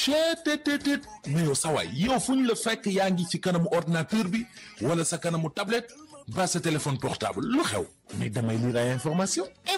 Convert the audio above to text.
chettt mais yow sawaay yow fu ñu la fekk yaa ngi ci kanamu ordinateur bi wala sa kanamu tablette ba sa téléphone portable lu xew mais damay lire ay information